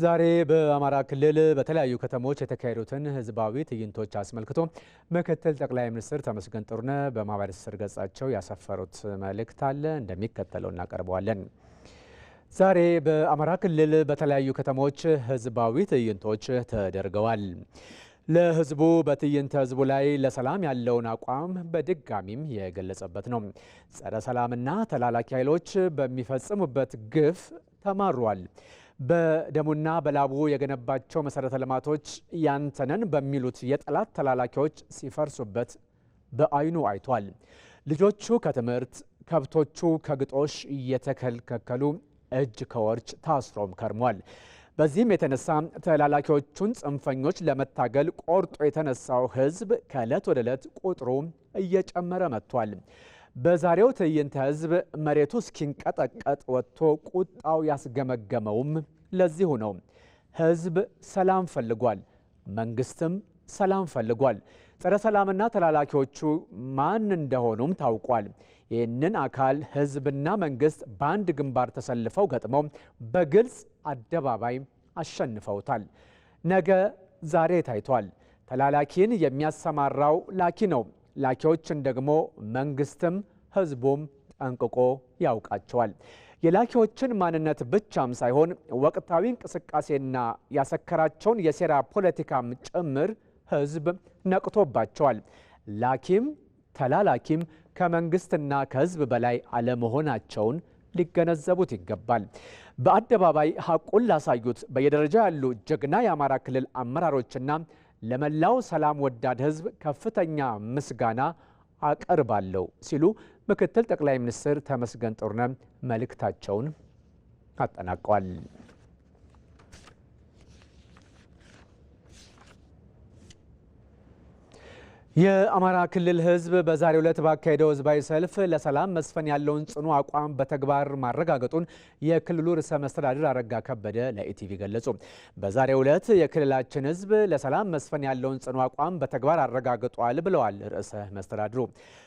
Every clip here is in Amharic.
ዛሬ በአማራ ክልል በተለያዩ ከተሞች የተካሄዱትን ህዝባዊ ትዕይንቶች አስመልክቶ ምክትል ጠቅላይ ሚኒስትር ተመስገን ጥሩነህ በማህበራዊ ትስስር ገጻቸው ያሰፈሩት መልእክት አለ፣ እንደሚከተለው እናቀርበዋለን። ዛሬ በአማራ ክልል በተለያዩ ከተሞች ህዝባዊ ትዕይንቶች ተደርገዋል። ለህዝቡ በትዕይንተ ህዝቡ ላይ ለሰላም ያለውን አቋም በድጋሚም የገለጸበት ነው። ጸረ ሰላምና ተላላኪ ኃይሎች በሚፈጽሙበት ግፍ ተማሯል። በደሙና በላቡ የገነባቸው መሰረተ ልማቶች ያንተነን በሚሉት የጠላት ተላላኪዎች ሲፈርሱበት በአይኑ አይቷል። ልጆቹ ከትምህርት ከብቶቹ ከግጦሽ እየተከለከሉ እጅ ከወርች ታስሮም ከርሟል። በዚህም የተነሳ ተላላኪዎቹን ጽንፈኞች ለመታገል ቆርጦ የተነሳው ህዝብ ከዕለት ወደ ዕለት ቁጥሩ እየጨመረ መጥቷል። በዛሬው ትዕይንተ ህዝብ መሬቱ እስኪንቀጠቀጥ ወጥቶ ቁጣው ያስገመገመውም ለዚሁ ነው። ህዝብ ሰላም ፈልጓል፣ መንግስትም ሰላም ፈልጓል። ጸረ ሰላምና ተላላኪዎቹ ማን እንደሆኑም ታውቋል። ይህንን አካል ህዝብና መንግስት በአንድ ግንባር ተሰልፈው ገጥመው በግልጽ አደባባይ አሸንፈውታል። ነገ ዛሬ ታይቷል። ተላላኪን የሚያሰማራው ላኪ ነው። ላኪዎችን ደግሞ መንግስትም ህዝቡም ጠንቅቆ ያውቃቸዋል። የላኪዎችን ማንነት ብቻም ሳይሆን ወቅታዊ እንቅስቃሴና ያሰከራቸውን የሴራ ፖለቲካም ጭምር ህዝብ ነቅቶባቸዋል። ላኪም ተላላኪም ከመንግስትና ከህዝብ በላይ አለመሆናቸውን ሊገነዘቡት ይገባል። በአደባባይ ሀቁን ላሳዩት በየደረጃ ያሉ ጀግና የአማራ ክልል አመራሮችና ለመላው ሰላም ወዳድ ህዝብ ከፍተኛ ምስጋና አቀርባለሁ ሲሉ ምክትል ጠቅላይ ሚኒስትር ተመስገን ጥሩነህ መልእክታቸውን አጠናቀዋል። የአማራ ክልል ህዝብ በዛሬው ዕለት ባካሄደው ህዝባዊ ሰልፍ ለሰላም መስፈን ያለውን ጽኑ አቋም በተግባር ማረጋገጡን የክልሉ ርዕሰ መስተዳድር አረጋ ከበደ ለኢቲቪ ገለጹ። በዛሬው ዕለት የክልላችን ህዝብ ለሰላም መስፈን ያለውን ጽኑ አቋም በተግባር አረጋግጧል ብለዋል ርዕሰ መስተዳድሩ።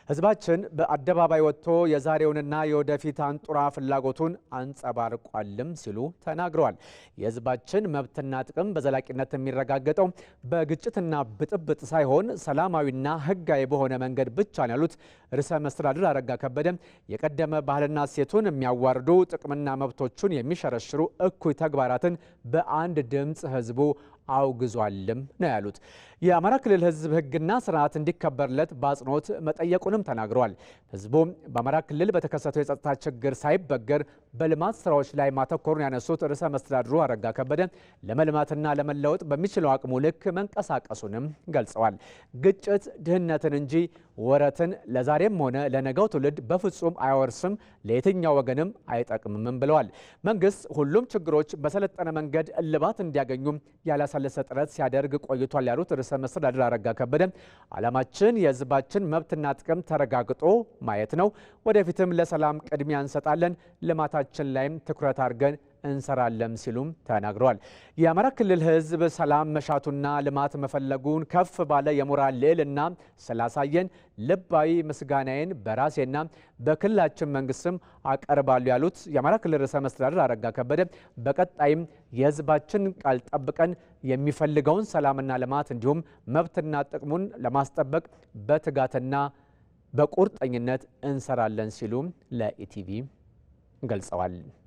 ህዝባችን በአደባባይ ወጥቶ የዛሬውንና የወደፊት አንጡራ ፍላጎቱን አንጸባርቋልም ሲሉ ተናግረዋል። የህዝባችን መብትና ጥቅም በዘላቂነት የሚረጋገጠው በግጭትና ብጥብጥ ሳይሆን ሰላማዊ ፍትሐዊና ህጋዊ በሆነ መንገድ ብቻ ነው ያሉት ርዕሰ መስተዳድር አረጋ ከበደ የቀደመ ባህልና እሴቱን የሚያዋርዱ ጥቅምና መብቶቹን የሚሸረሽሩ እኩይ ተግባራትን በአንድ ድምፅ ህዝቡ አውግዟልም ነው ያሉት። የአማራ ክልል ህዝብ ህግና ስርዓት እንዲከበርለት በአጽንኦት መጠየቁንም ተናግረዋል። ህዝቡ በአማራ ክልል በተከሰተው የጸጥታ ችግር ሳይበገር በልማት ስራዎች ላይ ማተኮሩን ያነሱት ርዕሰ መስተዳድሩ አረጋ ከበደ ለመልማትና ለመለወጥ በሚችለው አቅሙ ልክ መንቀሳቀሱንም ገልጸዋል። ግጭት ድህነትን እንጂ ወረትን ለዛሬም ሆነ ለነገው ትውልድ በፍጹም አይወርስም፣ ለየትኛው ወገንም አይጠቅምም ብለዋል። መንግስት ሁሉም ችግሮች በሰለጠነ መንገድ እልባት እንዲያገኙም ያላሳለሰ ጥረት ሲያደርግ ቆይቷል ያሉት ርዕሰ መስተዳድር አረጋ ከበደ ዓላማችን የህዝባችን መብትና ጥቅም ተረጋግጦ ማየት ነው። ወደፊትም ለሰላም ቅድሚያ እንሰጣለን። ልማታችን ላይም ትኩረት አድርገን እንሰራለን ሲሉም ተናግረዋል። የአማራ ክልል ህዝብ ሰላም መሻቱና ልማት መፈለጉን ከፍ ባለ የሞራል ልዕልና ስላሳየን ልባዊ ምስጋናዬን በራሴና በክልላችን መንግስትም አቀርባሉ ያሉት የአማራ ክልል ርዕሰ መስተዳድር አረጋ ከበደ በቀጣይም የህዝባችን ቃል ጠብቀን የሚፈልገውን ሰላምና ልማት እንዲሁም መብትና ጥቅሙን ለማስጠበቅ በትጋትና በቁርጠኝነት እንሰራለን ሲሉም ለኢቲቪ ገልጸዋል።